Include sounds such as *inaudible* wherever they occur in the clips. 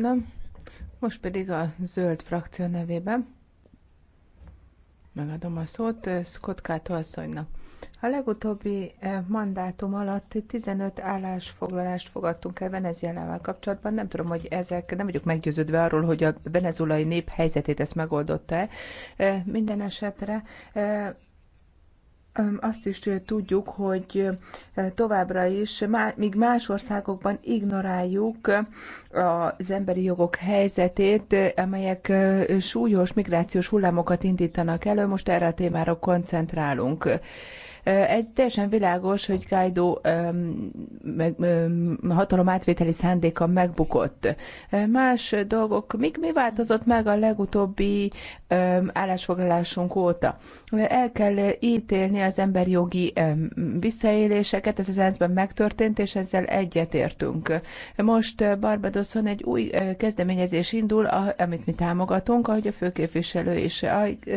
Nem. Most pedig a zöld frakció nevében megadom a szót eh, Scott Kato asszonynak. A legutóbbi eh, mandátum alatt 15 állásfoglalást fogadtunk el Venezuelával kapcsolatban. Nem tudom, hogy ezek, nem vagyok meggyőződve arról, hogy a venezuelai nép helyzetét ezt megoldotta-e. Eh, minden esetre azt is tudjuk, hogy továbbra is, míg más országokban ignoráljuk az emberi jogok helyzetét, amelyek súlyos migrációs hullámokat indítanak elő, most erre a témára koncentrálunk. Ez teljesen világos, hogy Guaido hatalom átvételi szándéka megbukott. Más dolgok, még mi változott meg a legutóbbi állásfoglalásunk óta? El kell ítélni az emberjogi visszaéléseket, ez az ENSZ-ben megtörtént, és ezzel egyetértünk. Most Barbadoszon egy új kezdeményezés indul, amit mi támogatunk, ahogy a főképviselő is.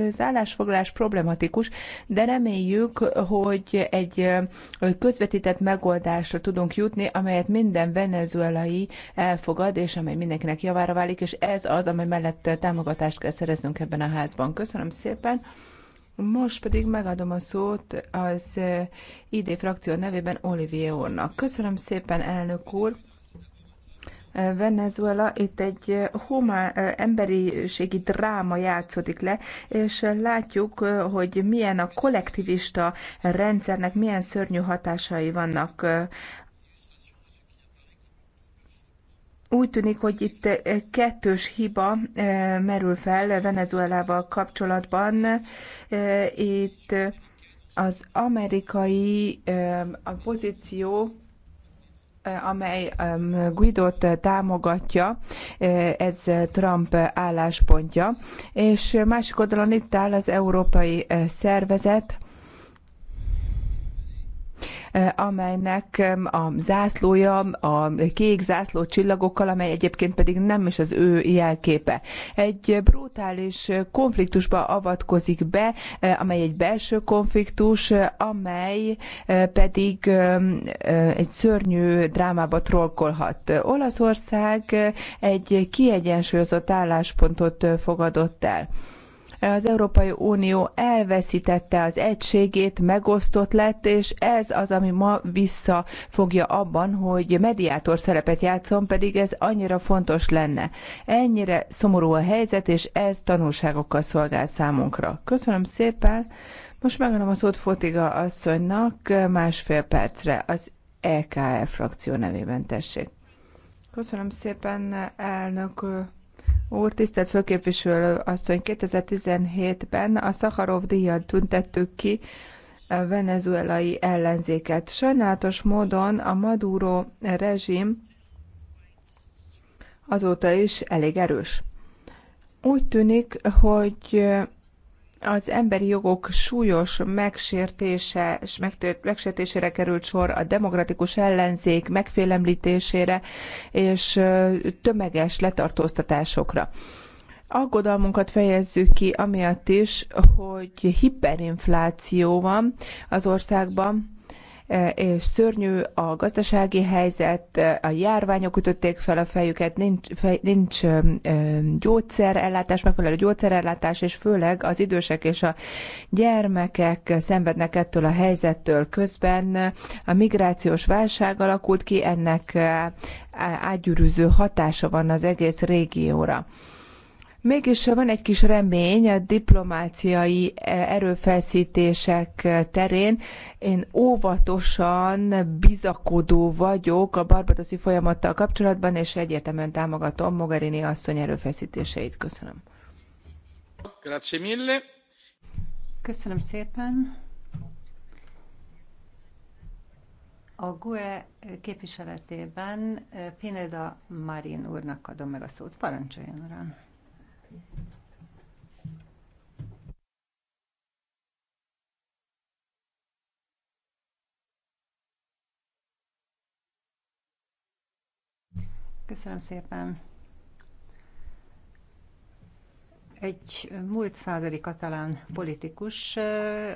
Az állásfoglalás problematikus, de reméljük, hogy hogy egy közvetített megoldásra tudunk jutni, amelyet minden venezuelai elfogad, és amely mindenkinek javára válik, és ez az, amely mellett támogatást kell szereznünk ebben a házban. Köszönöm szépen! Most pedig megadom a szót az ID frakció nevében Olivier úrnak. Köszönöm szépen, elnök úr! Venezuela, itt egy eh, humán, eh, emberiségi dráma játszódik le, és eh, látjuk, hogy milyen a kollektivista rendszernek milyen szörnyű hatásai vannak úgy tűnik, hogy itt kettős hiba merül fel Venezuelával kapcsolatban. Itt az amerikai a pozíció amely Guidót eh, támogatja, eh, ez Trump álláspontja, és másik oldalon itt áll az európai eh, szervezet, Eh, amelynek a zászlója a kék zászló csillagokkal, amely egyébként pedig nem is az ő jelképe. Egy brutális konfliktusba avatkozik be, eh, amely egy belső konfliktus, eh, amely pedig egy szörnyű drámába trollkolhat. Olaszország egy kiegyensúlyozott álláspontot fogadott el. Az Európai Unió elveszítette az egységét, megosztott lett, és ez az, ami ma visszafogja abban, hogy mediátor szerepet játszom, pedig ez annyira fontos lenne. Ennyire szomorú a helyzet, és ez tanulságokkal szolgál számunkra. Köszönöm szépen! Most megadom a szót Fotiga asszonynak másfél percre az EKL frakció nevében tessék. Köszönöm szépen, elnök úr, tisztelt főképviselő asszony, 2017-ben a Szaharov díjjal tüntettük ki a venezuelai ellenzéket. Sajnálatos módon a Maduro rezsim azóta is elég erős. Úgy tűnik, hogy az emberi jogok súlyos megsértése, megsértésére került sor, a demokratikus ellenzék megfélemlítésére és tömeges letartóztatásokra. Aggodalmunkat fejezzük ki amiatt is, hogy hiperinfláció van az országban, E, és szörnyű a gazdasági helyzet, e, a járványok ütötték fel a fejüket, nincs, fej, nincs e, gyógyszerellátás, megfelelő gyógyszerellátás, és főleg az idősek és a gyermekek szenvednek ettől a helyzettől. Közben a migrációs válság alakult ki, ennek átgyűrűző hatása van az egész régióra. Mégis van egy kis remény a diplomáciai e, erőfeszítések e, terén. Én óvatosan bizakodó vagyok a barbadoszi folyamattal kapcsolatban, és egyértelműen támogatom Mogherini asszony erőfeszítéseit. Köszönöm. Grazie mille. Köszönöm szépen. A GUE képviseletében eh, Pineda Marin úrnak adom meg a szót. Parancsoljon, uram! Köszönöm szépen. egy múlt századi katalán politikus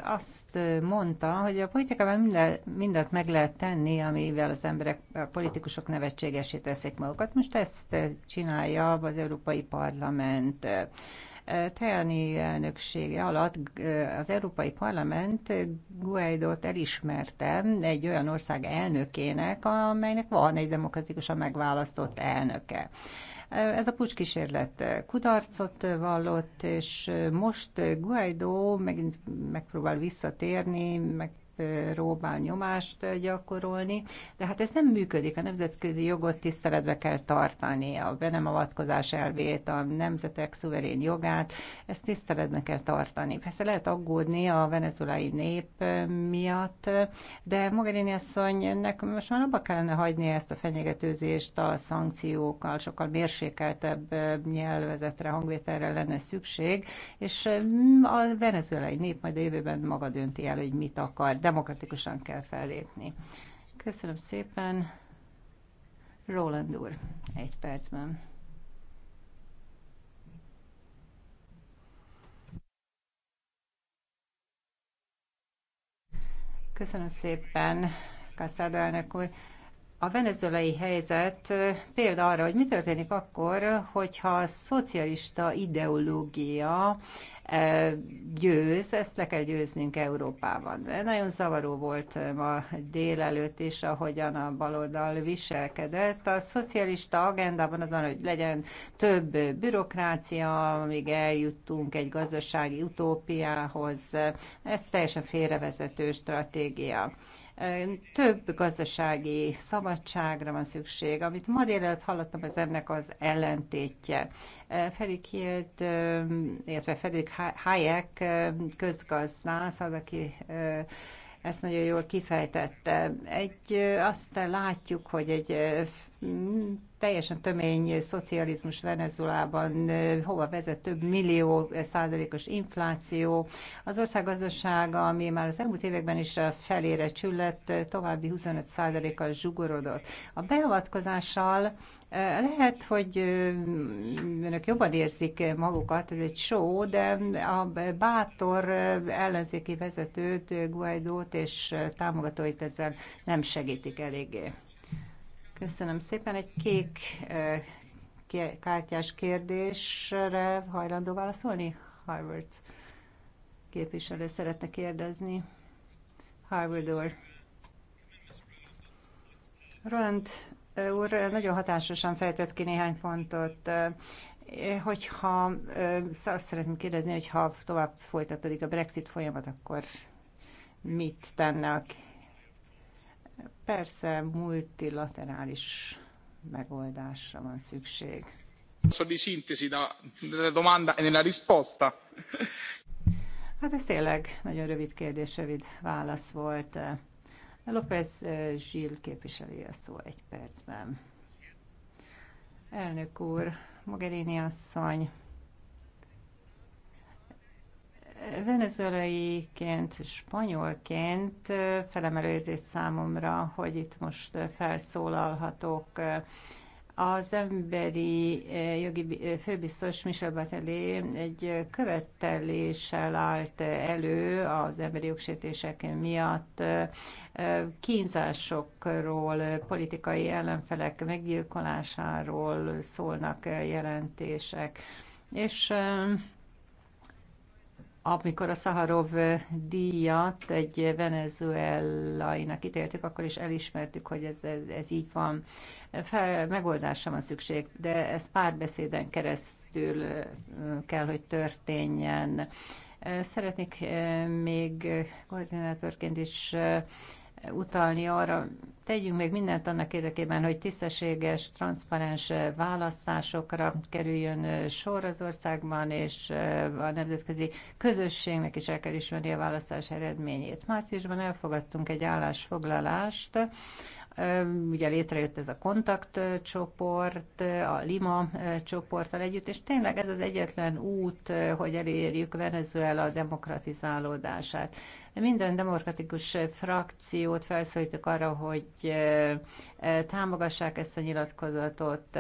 azt mondta, hogy a politikában minden, mindent meg lehet tenni, amivel az emberek, a politikusok nevetségesé teszik magukat. Most ezt csinálja az Európai Parlament. Tajani elnöksége alatt az Európai Parlament Guaidót elismerte egy olyan ország elnökének, amelynek van egy demokratikusan megválasztott elnöke. Ez a pucskísérlet kudarcot vallott, és most Guaidó megint megpróbál visszatérni, meg próbál nyomást gyakorolni, de hát ez nem működik. A nemzetközi jogot tiszteletbe kell tartani, a be nem avatkozás elvét, a nemzetek szuverén jogát, ezt tiszteletbe kell tartani. Persze lehet aggódni a venezuelai nép miatt, de Mogherini asszonynak most már abba kellene hagyni ezt a fenyegetőzést a szankciókkal, sokkal mérsékeltebb nyelvezetre, hangvételre lenne szükség, és a venezuelai nép majd a jövőben maga dönti el, hogy mit akar demokratikusan kell fellépni. Köszönöm szépen. Roland úr, egy percben. Köszönöm szépen, Kasszáda elnök úr. A venezuelai helyzet példa arra, hogy mi történik akkor, hogyha a szocialista ideológia győz, ezt le kell győznünk Európában. Nagyon zavaró volt ma délelőtt is, ahogyan a baloldal viselkedett. A szocialista agendában az van, hogy legyen több bürokrácia, amíg eljuttunk egy gazdasági utópiához. Ez teljesen félrevezető stratégia. Több gazdasági szabadságra van szükség. Amit ma délelőtt hallottam, ez ennek az ellentétje. Felik Hild, illetve Felik Hayek közgazdász, az, aki ezt nagyon jól kifejtette. Egy, azt látjuk, hogy egy teljesen tömény szocializmus Venezuelában, hova vezet több millió százalékos infláció. Az ország gazdasága, ami már az elmúlt években is felére csüllett, további 25 százalékkal zsugorodott. A beavatkozással e, lehet, hogy e, önök jobban érzik magukat, ez egy show, de a bátor ellenzéki vezetőt, Guaidót és támogatóit ezzel nem segítik eléggé. Köszönöm szépen. Egy kék kártyás kérdésre hajlandó válaszolni? Harvard képviselő szeretne kérdezni. Harvard úr. Roland úr nagyon hatásosan fejtett ki néhány pontot. Hogyha, azt szeretném kérdezni, hogyha tovább folytatódik a Brexit folyamat, akkor mit tenne a Persze multilaterális megoldásra van szükség. domanda e Hát ez tényleg nagyon rövid kérdés, rövid válasz volt. López eh, Zsil képviseli a szó egy percben. Elnök úr, Mogherini asszony, venezuelaiként, spanyolként felemelő érzés számomra, hogy itt most felszólalhatok. Az emberi jogi főbiztos Michel Batelé egy követeléssel állt elő az emberi jogsértések miatt kínzásokról, politikai ellenfelek meggyilkolásáról szólnak jelentések. És amikor a Szaharov díjat egy venezuelainak ítéltük, akkor is elismertük, hogy ez, ez, ez így van. Fel, megoldásra van szükség, de ez párbeszéden keresztül kell, hogy történjen. Szeretnék még koordinátorként is utalni arra, tegyünk meg mindent annak érdekében, hogy tisztességes, transzparens választásokra kerüljön sor az országban, és a nemzetközi közösségnek is el kell ismerni a választás eredményét. Márciusban elfogadtunk egy állásfoglalást, Ugye létrejött ez a kontaktcsoport, a Lima csoporttal együtt, és tényleg ez az egyetlen út, hogy elérjük Venezuela demokratizálódását. Minden demokratikus frakciót felszólítok arra, hogy támogassák ezt a nyilatkozatot,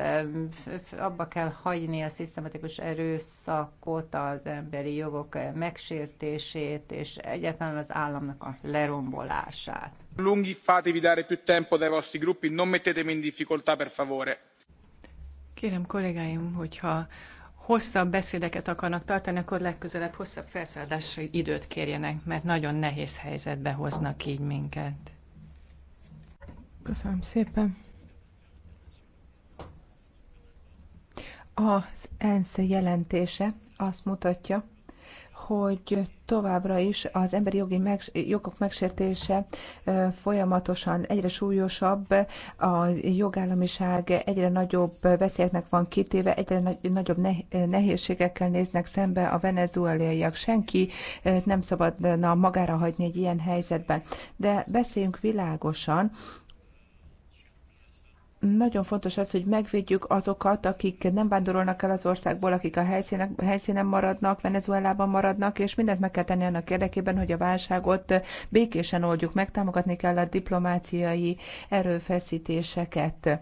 abba kell hagyni a szisztematikus erőszakot, az emberi jogok megsértését, és egyetlen az államnak a lerombolását lunghi fatevi dare più tempo dai vostri gruppi non mettetemi in difficoltà per favore. Kérem kollégáim, hogyha hosszabb beszédeket akarnak tartani, akkor legközelebb hosszabb felszállási időt kérjenek, mert nagyon nehéz helyzetbe hoznak így minket. Köszönöm szépen. Az ENSZ jelentése azt mutatja, hogy továbbra is az emberi jogi megs- jogok megsértése folyamatosan egyre súlyosabb, a jogállamiság egyre nagyobb veszélyeknek van kitéve, egyre nagyobb ne- nehézségekkel néznek szembe a venezuelaiak. Senki nem szabadna magára hagyni egy ilyen helyzetben. De beszéljünk világosan, nagyon fontos az, hogy megvédjük azokat, akik nem vándorolnak el az országból, akik a helyszínen, helyszínen maradnak, Venezuelában maradnak, és mindent meg kell tenni annak érdekében, hogy a válságot békésen oldjuk meg, támogatni kell a diplomáciai erőfeszítéseket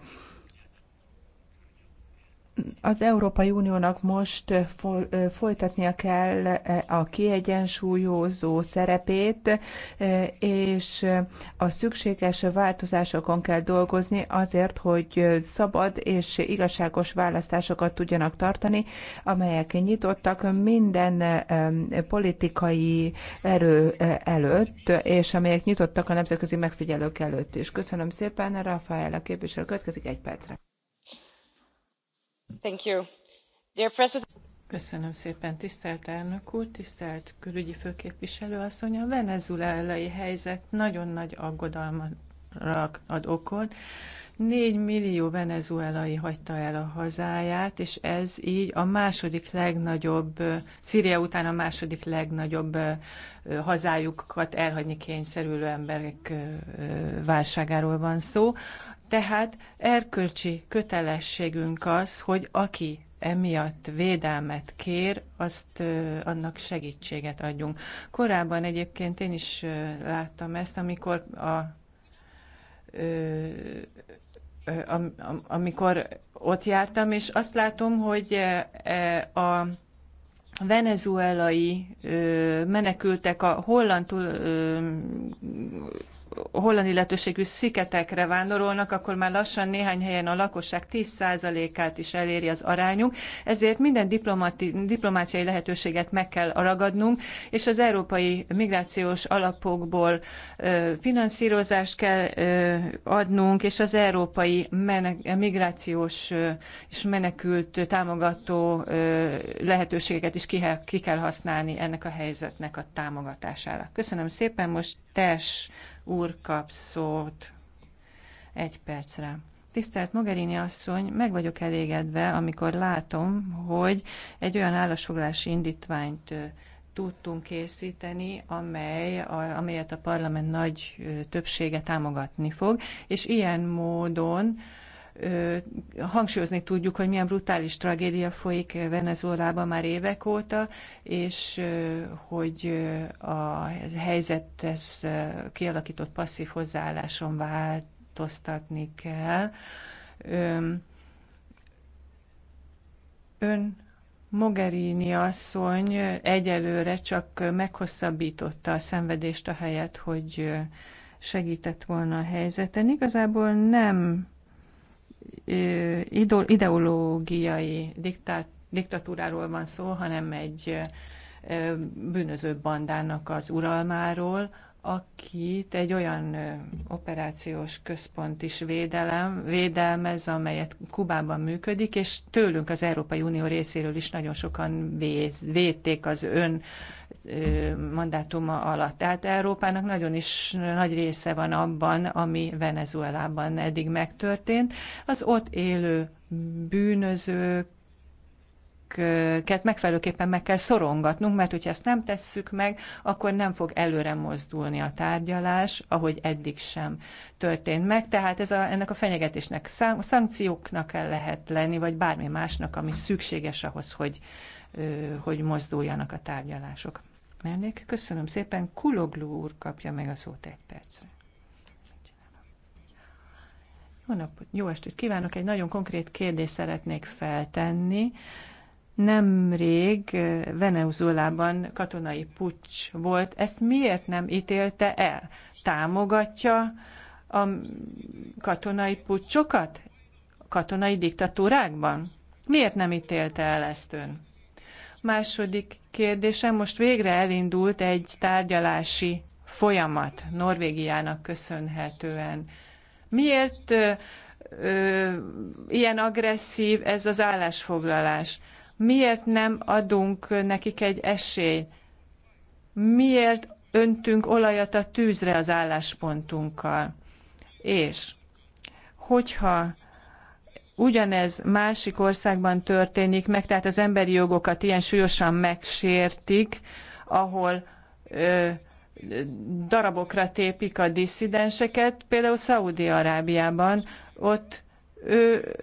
az Európai Uniónak most folytatnia kell a kiegyensúlyozó szerepét, és a szükséges változásokon kell dolgozni azért, hogy szabad és igazságos választásokat tudjanak tartani, amelyek nyitottak minden politikai erő előtt, és amelyek nyitottak a nemzetközi megfigyelők előtt is. Köszönöm szépen, Rafael a képviselő következik egy percre. Köszönöm szépen, tisztelt elnök úr, tisztelt külügyi főképviselő asszony. A venezuelai helyzet nagyon nagy aggodalomra ad okot. Négy millió venezuelai hagyta el a hazáját, és ez így a második legnagyobb, szria után a második legnagyobb hazájukat elhagyni kényszerülő emberek válságáról van szó. Tehát erkölcsi kötelességünk az, hogy aki emiatt védelmet kér, azt ö, annak segítséget adjunk. Korábban egyébként én is ö, láttam ezt, amikor a ö, am, amikor ott jártam, és azt látom, hogy e, a venezuelai menekültek a holland holland illetőségű szigetekre vándorolnak, akkor már lassan néhány helyen a lakosság 10%-át is eléri az arányunk, ezért minden diplomáciai lehetőséget meg kell ragadnunk, és az európai migrációs alapokból ö, finanszírozást kell ö, adnunk, és az európai menek, migrációs ö, és menekült támogató ö, lehetőségeket is ki, ki kell használni ennek a helyzetnek a támogatására. Köszönöm szépen, most Tes úr kap szót egy percre. Tisztelt Mogherini asszony, meg vagyok elégedve, amikor látom, hogy egy olyan állásfoglalási indítványt tudtunk készíteni, amely, a, amelyet a parlament nagy többsége támogatni fog, és ilyen módon hangsúlyozni tudjuk, hogy milyen brutális tragédia folyik Venezuelában már évek óta, és hogy a helyzethez kialakított passzív hozzáálláson változtatni kell. Ön Mogherini asszony egyelőre csak meghosszabbította a szenvedést a helyet, hogy segített volna a helyzeten. Igazából nem ideológiai diktát, diktatúráról van szó, hanem egy bűnöző bandának az uralmáról, akit egy olyan operációs központ is védelem, védelmez, amelyet Kubában működik, és tőlünk az Európai Unió részéről is nagyon sokan véz, védték az ön mandátuma alatt. Tehát Európának nagyon is nagy része van abban, ami Venezuelában eddig megtörtént. Az ott élő bűnözők, megfelelőképpen meg kell szorongatnunk, mert hogyha ezt nem tesszük meg, akkor nem fog előre mozdulni a tárgyalás, ahogy eddig sem történt meg. Tehát ez a, ennek a fenyegetésnek szankcióknak kell lehet lenni, vagy bármi másnak, ami szükséges ahhoz, hogy, hogy mozduljanak a tárgyalások partnernek. Köszönöm szépen, Kulogló úr kapja meg a szót egy percre. Jó napot, jó estét kívánok! Egy nagyon konkrét kérdést szeretnék feltenni. Nemrég eh, Venezuelában katonai pucs volt. Ezt miért nem ítélte el? Támogatja a katonai pucsokat? Katonai diktatúrákban? Miért nem ítélte el ezt ön? Második kérdésem, most végre elindult egy tárgyalási folyamat Norvégiának köszönhetően. Miért ö, ö, ilyen agresszív ez az állásfoglalás? Miért nem adunk nekik egy esélyt? Miért öntünk olajat a tűzre az álláspontunkkal? És hogyha ugyanez másik országban történik meg, tehát az emberi jogokat ilyen súlyosan megsértik, ahol ö, darabokra tépik a disszidenseket, például Szaudi-Arábiában, ott ő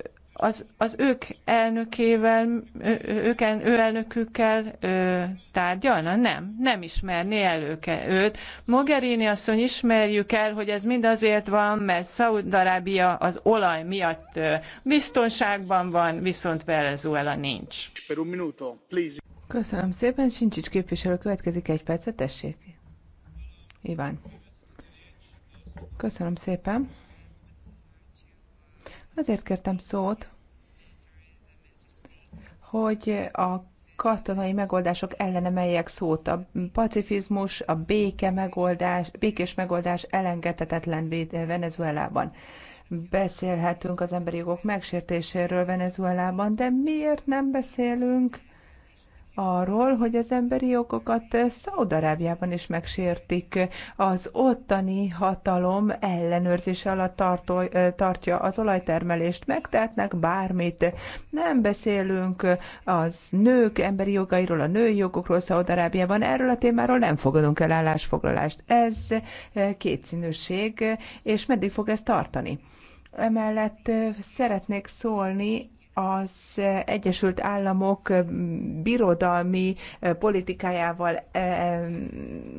az, az ők elnökével, ők, ő elnökükkel ö, tárgyalna? Nem, nem ismerné előke őt. Mogherini asszony ismerjük el, hogy ez mind azért van, mert Szaúd-Arábia az olaj miatt ö, biztonságban van, viszont Venezuela nincs. Per un minuto, please. Köszönöm szépen, Sincsics képviselő következik egy percet, tessék. Iván. Köszönöm szépen. Azért kértem szót, hogy a katonai megoldások ellene melyek szót. A pacifizmus, a béke megoldás, békés megoldás elengedhetetlen Venezuelában. Beszélhetünk az emberi jogok megsértéséről Venezuelában, de miért nem beszélünk arról, hogy az emberi jogokat Szaudarábiában is megsértik. Az ottani hatalom ellenőrzése alatt tartó, tartja az olajtermelést, megtehetnek bármit. Nem beszélünk az nők emberi jogairól, a női jogokról Szaudarábiában, erről a témáról nem fogadunk el állásfoglalást. Ez kétszínűség, és meddig fog ez tartani? Emellett szeretnék szólni az Egyesült Államok birodalmi politikájával eh,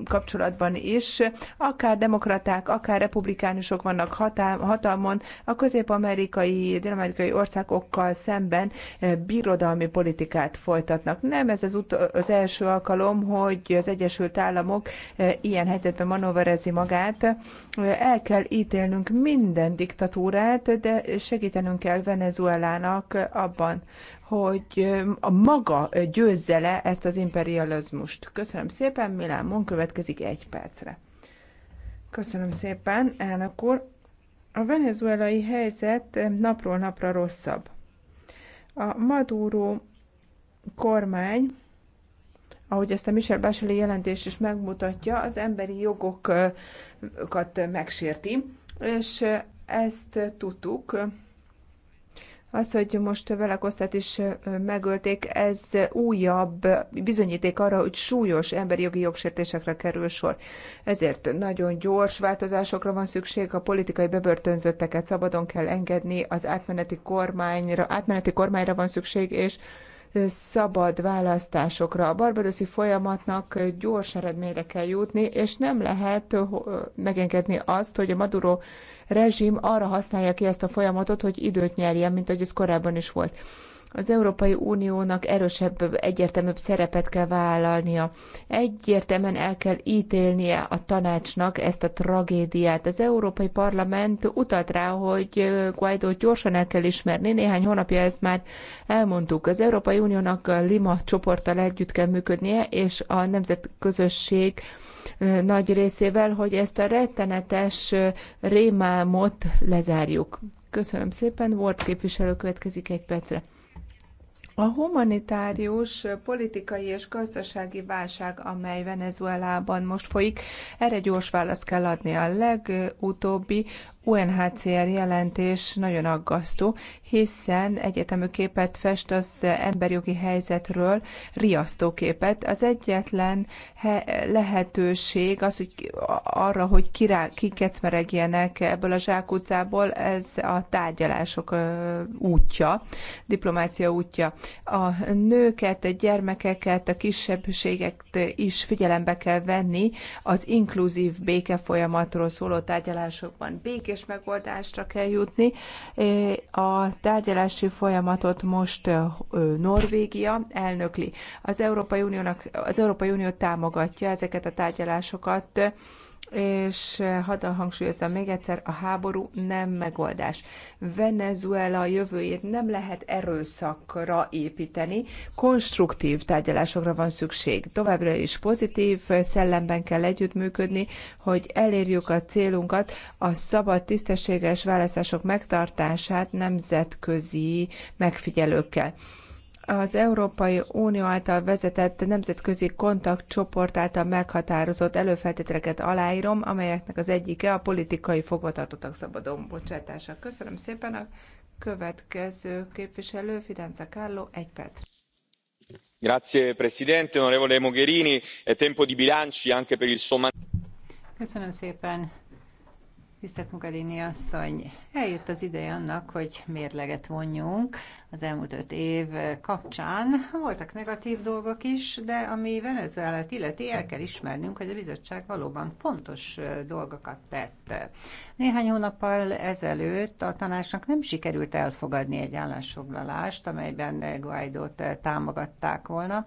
kapcsolatban is, akár demokraták, akár republikánusok vannak hatalmon, a közép-amerikai, dél-amerikai országokkal szemben eh, birodalmi politikát folytatnak. Nem ez az, ut- az első alkalom, hogy az Egyesült Államok eh, ilyen helyzetben manőverezi magát. El kell ítélnünk minden diktatúrát, de segítenünk kell Venezuelának abban, hogy a maga győzze le ezt az imperializmust. Köszönöm szépen, Milán Mon következik egy percre. Köszönöm szépen, elnök úr. A venezuelai helyzet napról napra rosszabb. A Maduro kormány, ahogy ezt a Michel Bachelet jelentés is megmutatja, az emberi jogokat megsérti, és ezt tudtuk az, hogy most Velakosztát is megölték, ez újabb bizonyíték arra, hogy súlyos emberi jogi jogsértésekre kerül sor. Ezért nagyon gyors változásokra van szükség, a politikai bebörtönzötteket szabadon kell engedni, az átmeneti kormányra, átmeneti kormányra van szükség, és szabad választásokra. A barbadoszi folyamatnak gyors eredményre kell jutni, és nem lehet eh, megengedni azt, hogy a Maduro rezsim arra használja ki ezt a folyamatot, hogy időt nyerjen, mint ahogy ez korábban is volt az Európai Uniónak erősebb, egyértelműbb szerepet kell vállalnia. Egyértelműen el kell ítélnie a tanácsnak ezt a tragédiát. Az Európai Parlament utalt rá, hogy Guaidót gyorsan el kell ismerni. Néhány hónapja ezt már elmondtuk. Az Európai Uniónak a Lima csoporttal együtt kell működnie, és a nemzetközösség nagy részével, hogy ezt a rettenetes rémálmot lezárjuk. Köszönöm szépen, volt képviselő következik egy percre. A humanitárius, politikai és gazdasági válság, amely Venezuelában most folyik, erre gyors választ kell adni. A legutóbbi UNHCR jelentés nagyon aggasztó, hiszen egyetemű képet fest az emberjogi helyzetről, riasztó képet. Az egyetlen lehetőség az, hogy arra, hogy kirá, kikecmeregjenek ebből a zsákutcából, ez a tárgyalások útja, diplomácia útja. A nőket, a gyermekeket, a kisebbségeket is figyelembe kell venni az inkluzív béke folyamatról szóló tárgyalásokban. Béke békés megoldásra kell jutni. E, a tárgyalási folyamatot most e, Norvégia elnökli. Az Európai, Uniónak, az Európai Unió támogatja ezeket a tárgyalásokat, és eh, hadd hangsúlyozom még egyszer, a háború nem megoldás. Venezuela jövőjét nem lehet erőszakra építeni, konstruktív tárgyalásokra van szükség. Továbbra is pozitív szellemben kell együttműködni, hogy elérjük a célunkat, a szabad, tisztességes választások megtartását nemzetközi megfigyelőkkel az Európai Unió által vezetett nemzetközi kontaktcsoport által meghatározott előfeltételeket aláírom, amelyeknek az egyike a politikai fogvatartottak szabadon bocsátása. Köszönöm szépen a következő képviselő, Fidenza Carlo, egy perc. Grazie Presidente, onorevole Mogherini, è tempo di bilanci anche per il somma. Köszönöm szépen, Tisztelt Mogherini asszony, eljött az ideje annak, hogy mérleget vonjunk az elmúlt öt év kapcsán. Voltak negatív dolgok is, de ami Venezuelát illeti, el kell ismernünk, hogy a bizottság valóban fontos dolgokat tett. Néhány hónappal ezelőtt a tanácsnak nem sikerült elfogadni egy állásfoglalást, amelyben Guaidót támogatták volna.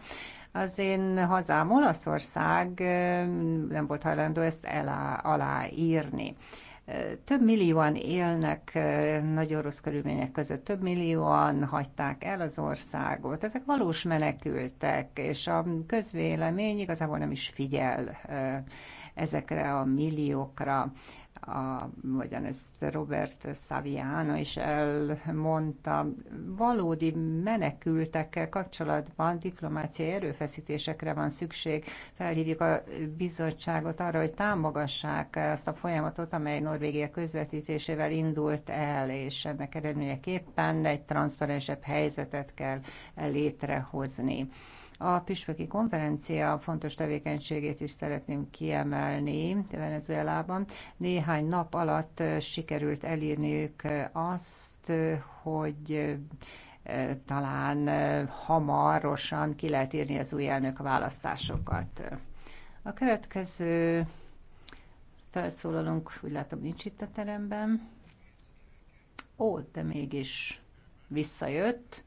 Az én hazám Olaszország nem volt hajlandó ezt elá, aláírni. Több millióan élnek nagyon rossz körülmények között, több millióan hagyták el az országot. Ezek valós menekültek, és a közvélemény igazából nem is figyel ezekre a milliókra, a, hogyan ezt Robert Saviano is elmondta, valódi menekültekkel kapcsolatban diplomáciai erőfeszítésekre van szükség. Felhívjuk a bizottságot arra, hogy támogassák azt a folyamatot, amely Norvégia közvetítésével indult el, és ennek eredményeképpen egy transzparensebb helyzetet kell létrehozni. A püspöki konferencia fontos tevékenységét is szeretném kiemelni Venezuelában. Néhány nap alatt sikerült elírniük azt, hogy talán hamarosan ki lehet írni az új elnök választásokat. A következő felszólalunk, úgy látom nincs itt a teremben. Ó, de mégis visszajött.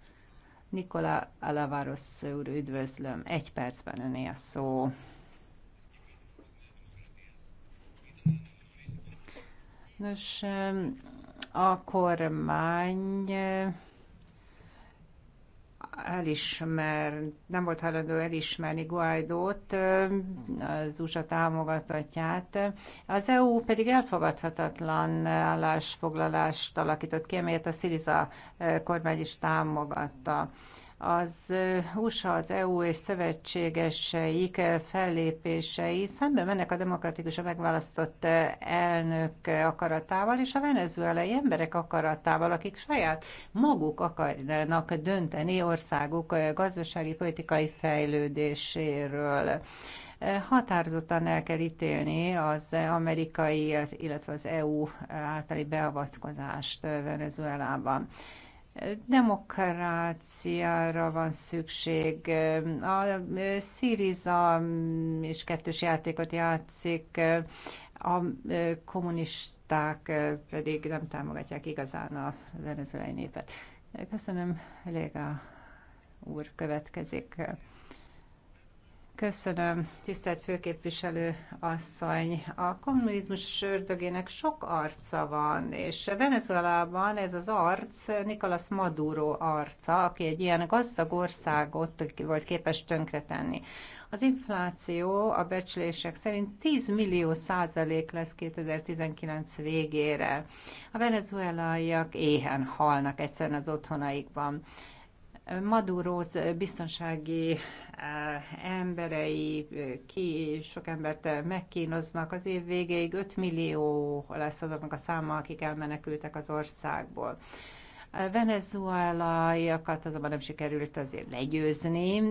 Nikola Alavaros úr, üdvözlöm. Egy percben öné a szó. Nos, a kormány elismer, nem volt hajlandó elismerni Guaidót, az USA támogatatját. Az EU pedig elfogadhatatlan állásfoglalást alakított ki, amelyet a Siriza eh, kormány is támogatta az USA, az EU és szövetségeseik fellépései szembe mennek a demokratikusan megválasztott elnök akaratával és a venezuelai emberek akaratával, akik saját maguk akarnak dönteni országuk gazdasági, politikai fejlődéséről határozottan el kell ítélni az amerikai, illetve az EU általi beavatkozást Venezuelában demokráciára van szükség. A Syriza is kettős játékot játszik, a kommunisták pedig nem támogatják igazán a venezuelai népet. Köszönöm, Léga úr következik. Köszönöm, tisztelt főképviselő asszony. A kommunizmus ördögének sok arca van, és Venezuelában ez az arc Nicolas Maduro arca, aki egy ilyen gazdag országot volt képes tönkretenni. Az infláció a becslések szerint 10 millió százalék lesz 2019 végére. A venezuelaiak éhen halnak egyszerűen az otthonaikban. Maduroz biztonsági eh, emberei, eh, ki sok embert eh, megkínoznak. Az év végéig 5 millió lesz azoknak a száma, akik elmenekültek az országból. A venezuelaiakat azonban nem sikerült azért legyőzni.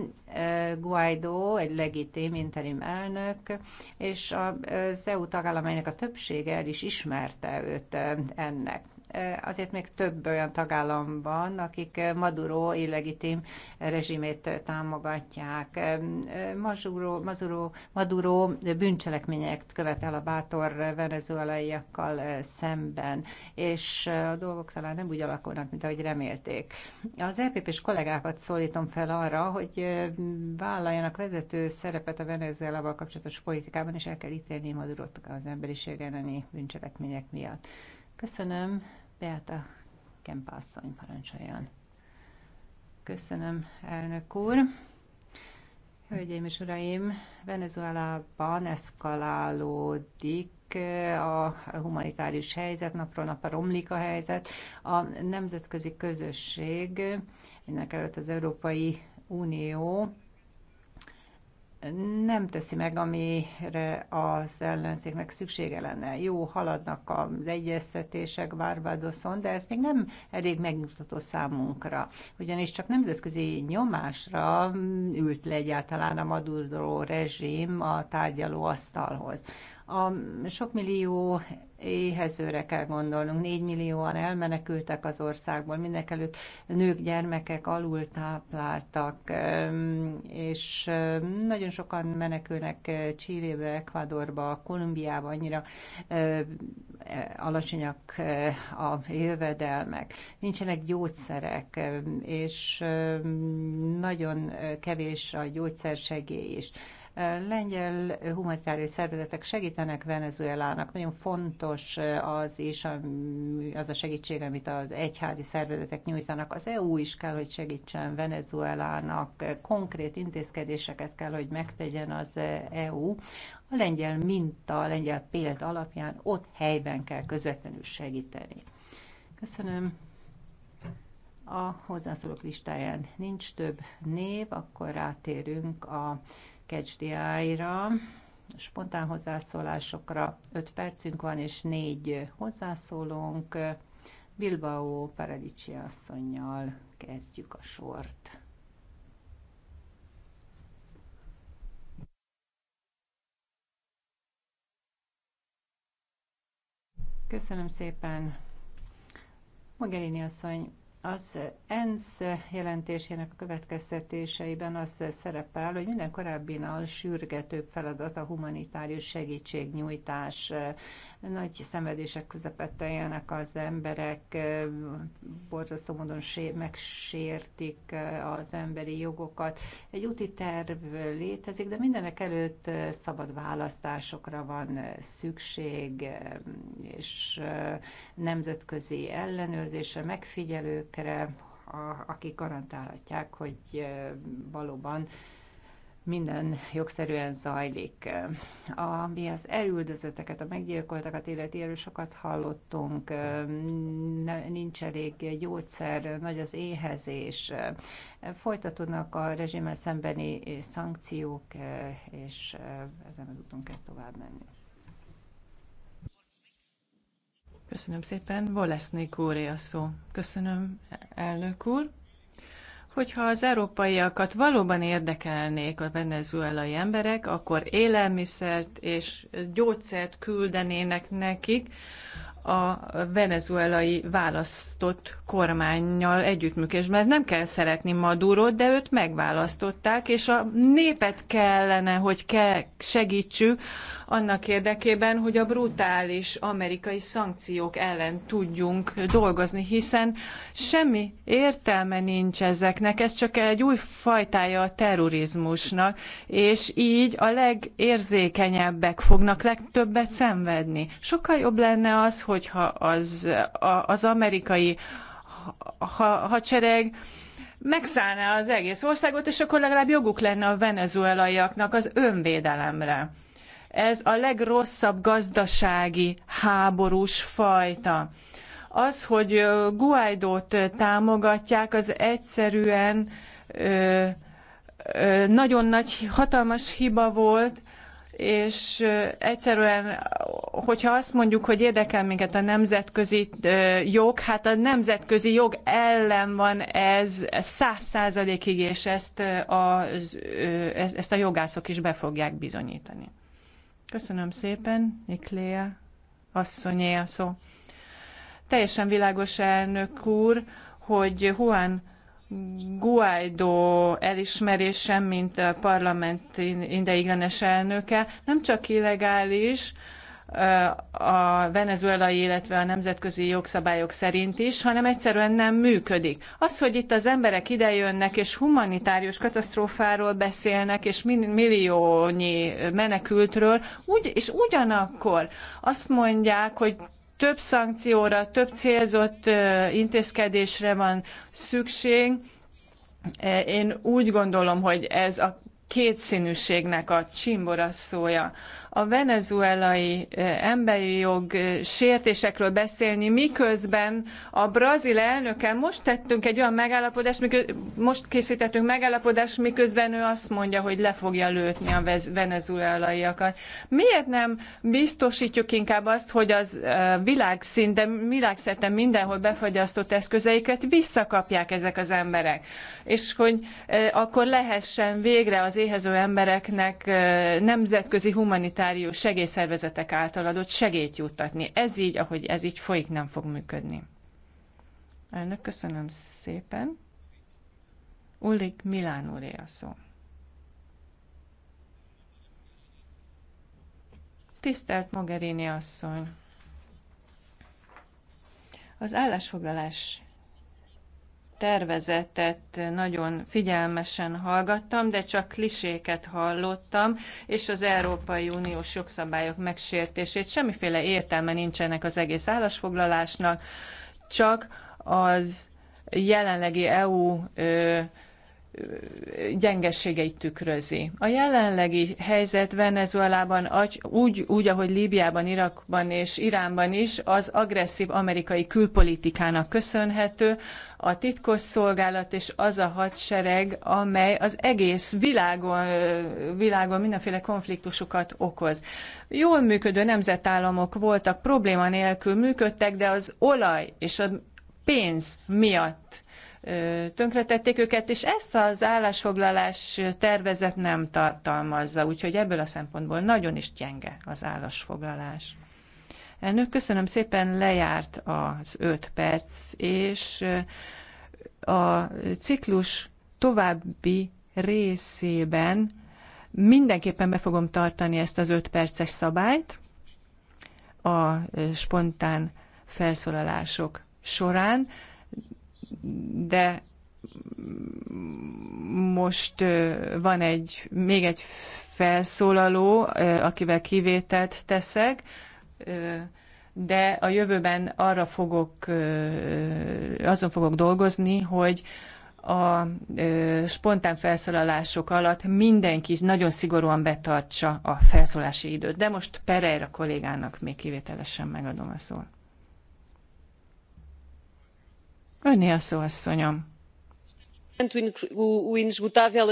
Guaidó egy legitim interim elnök, és az EU tagállamainak a többsége el is ismerte őt ennek azért még több olyan tagállam van, akik Maduro illegitim rezsimét támogatják. Mazuro, Mazuro, Maduro bűncselekményeket követel a bátor venezuelaiakkal szemben, és a dolgok talán nem úgy alakulnak, mint ahogy remélték. Az lpp e és kollégákat szólítom fel arra, hogy vállaljanak vezető szerepet a Venezuelával kapcsolatos politikában, és el kell ítélni Madurot az emberiség elleni bűncselekmények miatt. Köszönöm, Beata Kempa asszony parancsoljon. Köszönöm, elnök úr. Hölgyeim és uraim, Venezuelában eszkalálódik eh, a humanitárius helyzet, napról napra romlik a helyzet. A nemzetközi közösség, ennek előtt az Európai Unió nem teszi meg, amire az ellenzéknek szüksége lenne. Jó, haladnak az egyeztetések Barbadoson, de ez még nem elég megnyugtató számunkra. Ugyanis csak nemzetközi nyomásra ült le egyáltalán a Maduro rezsim a tárgyaló asztalhoz. A sok millió éhezőre kell gondolnunk. Négy millióan elmenekültek az országból, mindenkelőtt nők, gyermekek alul tápláltak, és nagyon sokan menekülnek Csillébe, Ekvadorba, Kolumbiába, annyira e, alacsonyak a jövedelmek, nincsenek gyógyszerek, és nagyon kevés a gyógyszersegély is. Lengyel humanitárius szervezetek segítenek Venezuelának. Nagyon fontos az is, az a segítség, amit az egyházi szervezetek nyújtanak. Az EU is kell, hogy segítsen Venezuelának. Konkrét intézkedéseket kell, hogy megtegyen az EU. A lengyel minta, a lengyel példa alapján ott helyben kell közvetlenül segíteni. Köszönöm. A hozzászólók listáján nincs több név, akkor rátérünk a KedsDI-ra, spontán hozzászólásokra. 5 percünk van, és négy hozzászólónk. Bilbao Paradicsi asszonynal kezdjük a sort. Köszönöm szépen. Mogherini asszony, az ENSZ jelentésének a következtetéseiben az szerepel, hogy minden korábbinál sürgetőbb feladat a humanitárius segítségnyújtás nagy szenvedések közepette élnek az emberek, borzasztó módon megsértik az emberi jogokat. Egy úti terv létezik, de mindenek előtt szabad választásokra van szükség, és nemzetközi ellenőrzésre, megfigyelőkre, akik garantálhatják, hogy valóban minden jogszerűen zajlik. Ami az elüldözötteket, a meggyilkoltakat illeti erről sokat hallottunk, nincs elég gyógyszer, nagy az éhezés, folytatódnak a rezsimmel szembeni szankciók, és ezen az úton kell tovább menni. Köszönöm szépen. Volesznék úré a szó. Köszönöm, elnök úr hogyha az európaiakat valóban érdekelnék a venezuelai emberek, akkor élelmiszert és gyógyszert küldenének nekik, a venezuelai választott kormányjal mert Nem kell szeretni Madurot, de őt megválasztották, és a népet kellene, hogy kell segítsük annak érdekében, hogy a brutális amerikai szankciók ellen tudjunk dolgozni, hiszen semmi értelme nincs ezeknek, ez csak egy új fajtája a terrorizmusnak, és így a legérzékenyebbek fognak legtöbbet szenvedni. Sokkal jobb lenne az, hogy hogyha az, az amerikai hadsereg megszállná az egész országot, és akkor legalább joguk lenne a venezuelaiaknak az önvédelemre. Ez a legrosszabb gazdasági háborús fajta. Az, hogy Guaidót támogatják, az egyszerűen ö, ö, nagyon nagy, hatalmas hiba volt, és egyszerűen, hogyha azt mondjuk, hogy érdekel minket a nemzetközi jog, hát a nemzetközi jog ellen van ez száz százalékig, és ezt, az, ezt a jogászok is be fogják bizonyítani. Köszönöm szépen, Nikléa asszonyé a szó. Teljesen világos elnök úr, hogy Juan Guaidó elismerése, mint a parlament ideiglenes elnöke nem csak illegális, a venezuelai, illetve a nemzetközi jogszabályok szerint is, hanem egyszerűen nem működik. Az, hogy itt az emberek idejönnek és humanitárius katasztrófáról beszélnek, és milliónyi menekültről, és ugyanakkor azt mondják, hogy több szankcióra, több célzott intézkedésre van szükség. Én úgy gondolom, hogy ez a kétszínűségnek a szója. A venezuelai emberi jog sértésekről beszélni, miközben a brazil elnökkel most tettünk egy olyan megállapodást, most készítettünk megállapodást, miközben ő azt mondja, hogy le fogja lőtni a venezuelaiakat. Miért nem biztosítjuk inkább azt, hogy az világszinten, világszerte mindenhol befagyasztott eszközeiket visszakapják ezek az emberek, és hogy akkor lehessen végre az éhező embereknek nemzetközi humanitárius segélyszervezetek által adott segélyt juttatni. Ez így, ahogy ez így folyik, nem fog működni. Elnök, köszönöm szépen. Ulrik Milán úré a szó. Tisztelt Mogherini asszony! Az állásfoglalás tervezetet nagyon figyelmesen hallgattam, de csak kliséket hallottam, és az Európai Uniós jogszabályok megsértését. Semmiféle értelme nincsenek az egész állásfoglalásnak, csak az jelenlegi EU gyengességeit tükrözi. A jelenlegi helyzet Venezuelában úgy, úgy, ahogy Líbiában, Irakban és Iránban is az agresszív amerikai külpolitikának köszönhető, a titkos szolgálat és az a hadsereg, amely az egész világon, világon mindenféle konfliktusokat okoz. Jól működő nemzetállamok voltak, probléma nélkül működtek, de az olaj és a pénz miatt tönkretették őket, és ezt az állásfoglalás tervezet nem tartalmazza, úgyhogy ebből a szempontból nagyon is gyenge az állásfoglalás. Elnök, köszönöm szépen, lejárt az 5 perc, és a ciklus további részében mindenképpen be fogom tartani ezt az 5 perces szabályt a spontán felszólalások során de most van egy, még egy felszólaló, akivel kivételt teszek, de a jövőben arra fogok, azon fogok dolgozni, hogy a spontán felszólalások alatt mindenki nagyon szigorúan betartsa a felszólási időt. De most Pereira kollégának még kivételesen megadom a szót. Önné a szó, asszonyom. Köszönöm szépen.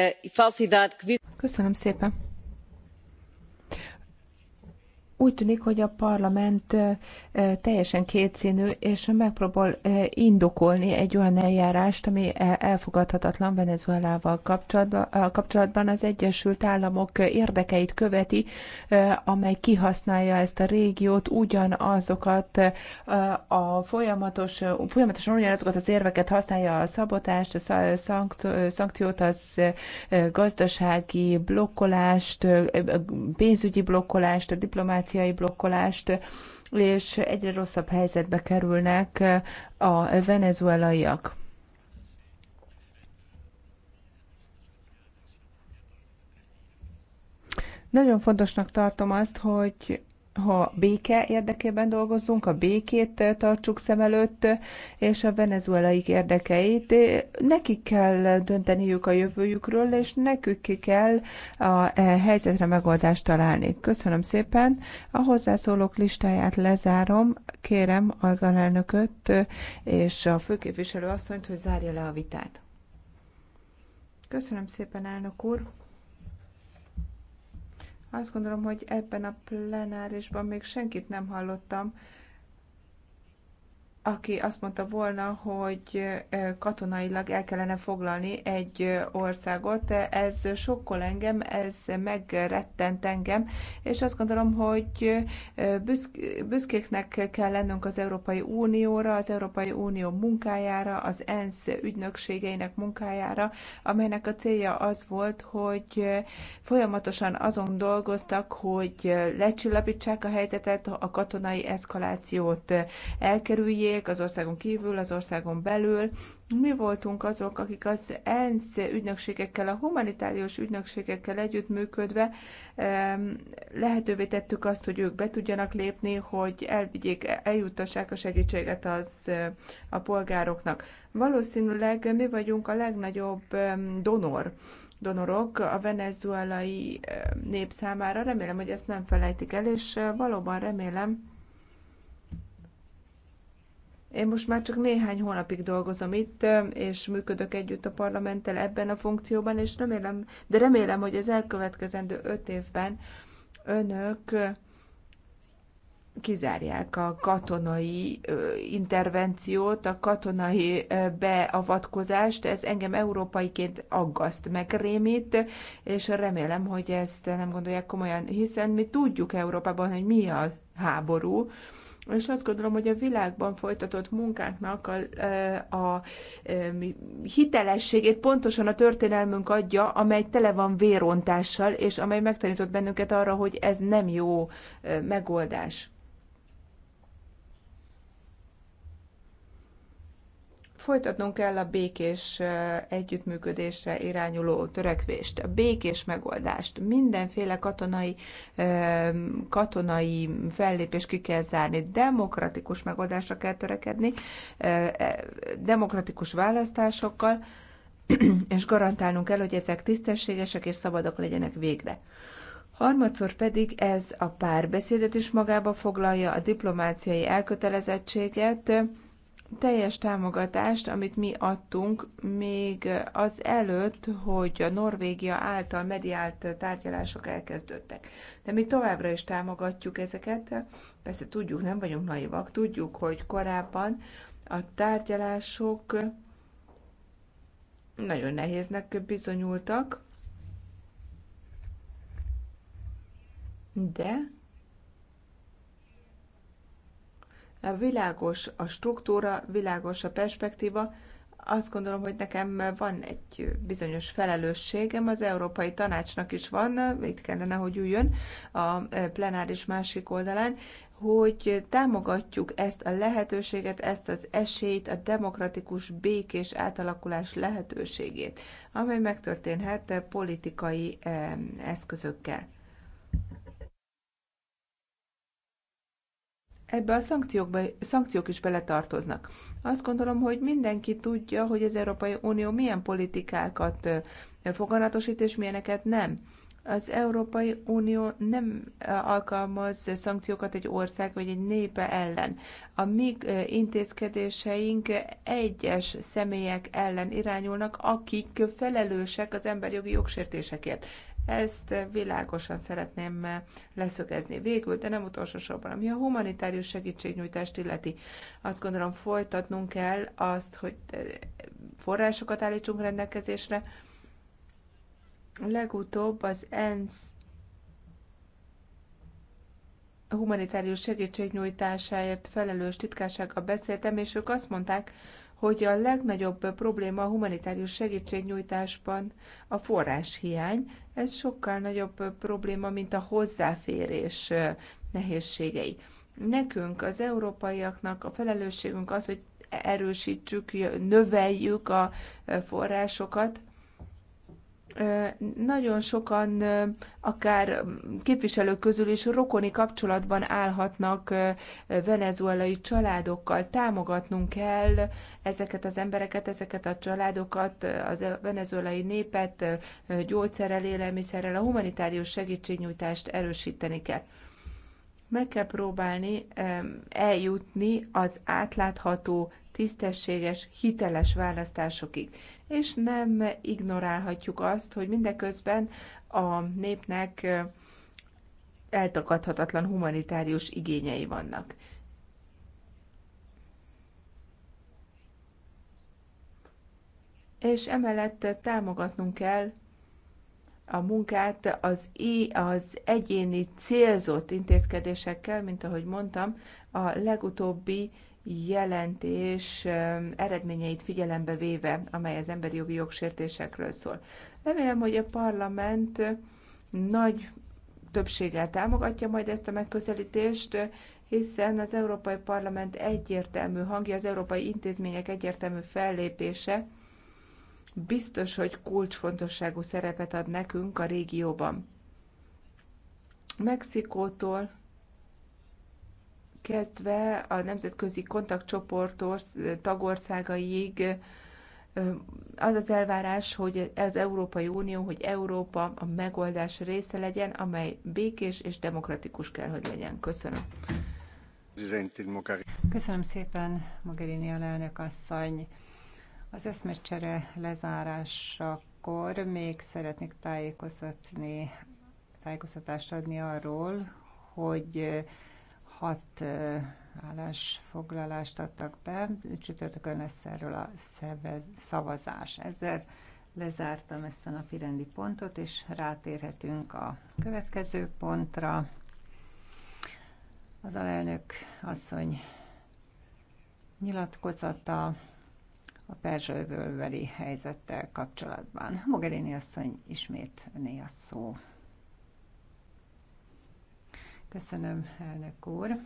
E Köszönöm szépen. Úgy tűnik, hogy a parlament teljesen kétszínű, és megpróbál indokolni egy olyan eljárást, ami e, elfogadhatatlan Venezuelával kapcsolatban. kapcsolatban az Egyesült Államok érdekeit követi, amely kihasználja ezt a régiót, ugyanazokat a folyamatos, folyamatosan ugyanazokat az érveket használja a szabotást, a szankciót, az gazdasági blokkolást, pénzügyi blokkolást, a diplomáciát, diplomáciai blokkolást, és egyre rosszabb helyzetbe kerülnek a venezuelaiak. Nagyon fontosnak tartom azt, hogy ha béke érdekében dolgozzunk, a békét eh, tartsuk szem előtt, eh, és a venezuelaik érdekeit. Eh, nekik kell dönteniük a jövőjükről, és nekük kell a helyzetre megoldást találni. Köszönöm szépen. A hozzászólók listáját lezárom. Kérem az alelnököt és a főképviselő asszonyt, hogy zárja le a vitát. Köszönöm szépen, elnök úr. Azt gondolom, hogy ebben a plenárisban még senkit nem hallottam, aki azt mondta volna, hogy katonailag el kellene foglalni egy országot. Ez sokkol engem, ez megrettent engem, és azt gondolom, hogy büszk, büszkéknek kell lennünk az Európai Unióra, az Európai Unió munkájára, az ENSZ ügynökségeinek munkájára, amelynek a célja az volt, hogy folyamatosan azon dolgoztak, hogy lecsillapítsák a helyzetet, a katonai eszkalációt elkerüljék, tették az országon kívül, az országon belül. Mi voltunk azok, akik az ENSZ ügynökségekkel, a humanitárius ügynökségekkel együttműködve lehetővé tettük azt, hogy ők be tudjanak lépni, hogy elvigyék, eljuttassák a segítséget az a polgároknak. Valószínűleg mi vagyunk a legnagyobb donor donorok a venezuelai nép számára. Remélem, hogy ezt nem felejtik el, és valóban remélem, én most már csak néhány hónapig dolgozom itt, és működök együtt a parlamenttel ebben a funkcióban, és remélem, de remélem, hogy az elkövetkezendő öt évben önök kizárják a katonai intervenciót, a katonai beavatkozást. Ez engem európaiként aggaszt, megrémít, és remélem, hogy ezt nem gondolják komolyan, hiszen mi tudjuk Európában, hogy mi a háború, és azt gondolom, hogy a világban folytatott munkánknak a, eh, a, a eh, hitelességét pontosan a történelmünk adja, amely tele van vérontással, és amely megtanított bennünket arra, hogy ez nem jó eh, megoldás. Folytatnunk kell a békés együttműködésre irányuló törekvést, a békés megoldást, mindenféle katonai, katonai fellépést ki kell zárni, demokratikus megoldásra kell törekedni, e, demokratikus választásokkal, *clears throat* és garantálnunk kell, hogy ezek tisztességesek és szabadok legyenek végre. Harmadszor pedig ez a párbeszédet is magába foglalja, a diplomáciai elkötelezettséget, teljes támogatást, amit mi adtunk még az előtt, hogy a Norvégia által mediált tárgyalások elkezdődtek. De mi továbbra is támogatjuk ezeket, persze tudjuk, nem vagyunk naivak, tudjuk, hogy korábban a tárgyalások nagyon nehéznek bizonyultak, de Világos a struktúra, világos a perspektíva. Azt gondolom, hogy nekem van egy bizonyos felelősségem, az Európai Tanácsnak is van, itt kellene, hogy üljön a plenáris másik oldalán, hogy támogatjuk ezt a lehetőséget, ezt az esélyt, a demokratikus békés átalakulás lehetőségét, amely megtörténhet politikai eh, eszközökkel. ebbe a szankciók is beletartoznak. Azt gondolom, hogy mindenki tudja, hogy az Európai Unió milyen politikákat foganatosít, és milyeneket nem. Az Európai Unió nem alkalmaz szankciókat egy ország vagy egy népe ellen. A mi intézkedéseink egyes személyek ellen irányulnak, akik felelősek az emberjogi jogsértésekért. Ezt világosan szeretném eh, leszögezni végül, de nem utolsó sorban, ami a humanitárius segítségnyújtást illeti. Azt gondolom folytatnunk kell azt, hogy eh, forrásokat állítsunk rendelkezésre. Legutóbb az ENSZ humanitárius segítségnyújtásáért felelős titkársággal beszéltem, és ők azt mondták, hogy a legnagyobb probléma a humanitárius segítségnyújtásban a forráshiány. Ez sokkal nagyobb probléma, mint a hozzáférés nehézségei. Nekünk, az európaiaknak a felelősségünk az, hogy erősítsük, növeljük a forrásokat, nagyon sokan akár képviselők közül is rokoni kapcsolatban állhatnak venezuelai családokkal. Támogatnunk kell ezeket az embereket, ezeket a családokat, az venezuelai népet gyógyszerrel, élelmiszerrel, a humanitárius segítségnyújtást erősíteni kell. Meg kell próbálni eljutni az átlátható, tisztességes, hiteles választásokig. És nem ignorálhatjuk azt, hogy mindeközben a népnek eltakadhatatlan humanitárius igényei vannak. És emellett támogatnunk kell a munkát az, az egyéni célzott intézkedésekkel, mint ahogy mondtam, a legutóbbi jelentés eredményeit figyelembe véve, amely az emberi jogi jogsértésekről szól. Remélem, hogy a parlament nagy többséggel támogatja majd ezt a megközelítést, hiszen az Európai Parlament egyértelmű hangja, az európai intézmények egyértelmű fellépése biztos, hogy kulcsfontosságú szerepet ad nekünk a régióban. Mexikótól kezdve a nemzetközi kontaktcsoport tagországaiig az az elvárás, hogy az Európai Unió, hogy Európa a megoldás része legyen, amely békés és demokratikus kell, hogy legyen. Köszönöm. Köszönöm szépen, Mogherini alelnök asszony. Az eszmecsere lezárásakor még szeretnék tájékoztatni, tájékoztatást adni arról, hogy hat állásfoglalást adtak be. Csütörtökön lesz erről a szavazás. Ezzel lezártam ezt a napi rendi pontot, és rátérhetünk a következő pontra. Az alelnök asszony nyilatkozata a perzsövölveli helyzettel kapcsolatban. Mogherini asszony ismét öné a szó. Köszönöm, elnök úr.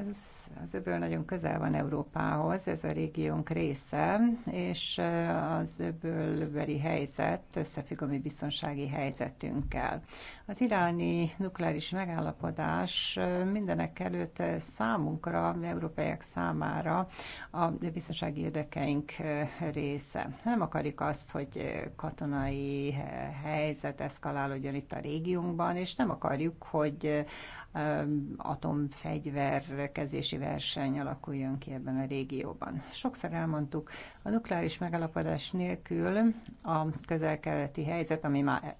Ez az öböl nagyon közel van Európához, ez a régiónk része, és az öbölbeli helyzet összefügg a mi biztonsági helyzetünkkel. Az iráni nukleáris megállapodás mindenek előtt számunkra, európaiak számára a biztonsági érdekeink része. Nem akarjuk azt, hogy katonai helyzet eszkalálódjon itt a régiónkban, és nem akarjuk, hogy atomfegyver kezési verseny alakuljon ki ebben a régióban. Sokszor elmondtuk, a nukleáris megalapodás nélkül a közel-keleti helyzet, ami már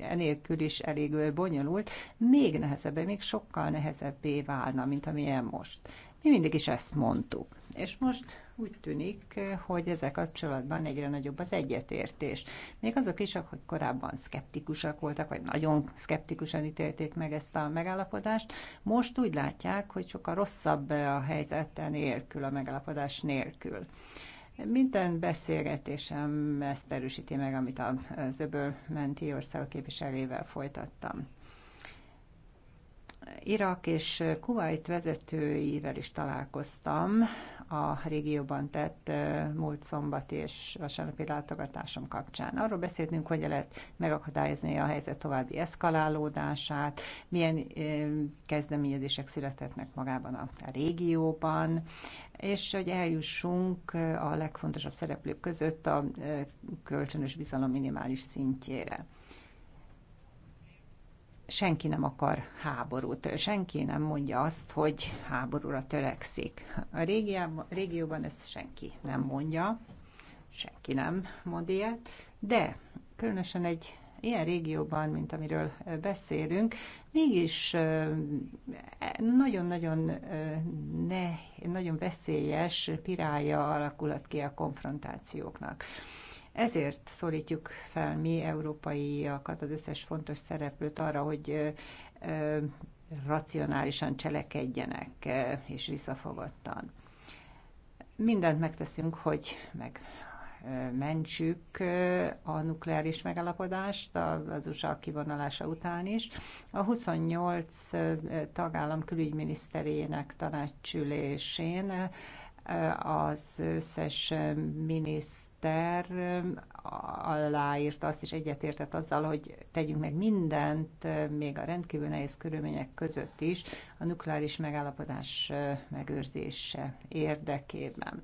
enélkül is elég bonyolult, még nehezebbé, még sokkal nehezebbé válna, mint amilyen most. Mi mindig is ezt mondtuk. És most úgy tűnik, hogy a kapcsolatban egyre nagyobb az egyetértés. Még azok is, akik korábban szkeptikusak voltak, vagy nagyon szkeptikusan ítélték meg ezt a megállapodást, most úgy látják, hogy sokkal rosszabb a helyzet nélkül, a megállapodás nélkül. Minden beszélgetésem ezt erősíti meg, amit a zöböl menti országok képviselével folytattam. Irak és Kuwait vezetőivel is találkoztam, a régióban tett múlt szombat és vasárnapi látogatásom kapcsán. Arról beszéltünk, hogy lehet megakadályozni a helyzet további eszkalálódását, milyen kezdeményezések születhetnek magában a régióban, és hogy eljussunk a legfontosabb szereplők között a kölcsönös bizalom minimális szintjére senki nem akar háborút, senki nem mondja azt, hogy háborúra törekszik. A régióban ezt senki nem mondja, senki nem mond ilyet, de különösen egy ilyen régióban, mint amiről beszélünk, mégis nagyon-nagyon ne, nagyon veszélyes pirája alakulat ki a konfrontációknak. Ezért szólítjuk fel mi európaiakat, az összes fontos szereplőt arra, hogy racionálisan cselekedjenek, és visszafogottan. Mindent megteszünk, hogy meg mentsük a nukleáris megállapodást az USA kivonalása után is. A 28 tagállam külügyminiszterének tanácsülésén az összes miniszter miniszter um, aláírta azt is egyetértett azzal, hogy tegyünk meg mindent, uh, még a rendkívül nehéz körülmények között is, a nukleáris megállapodás uh, megőrzése érdekében.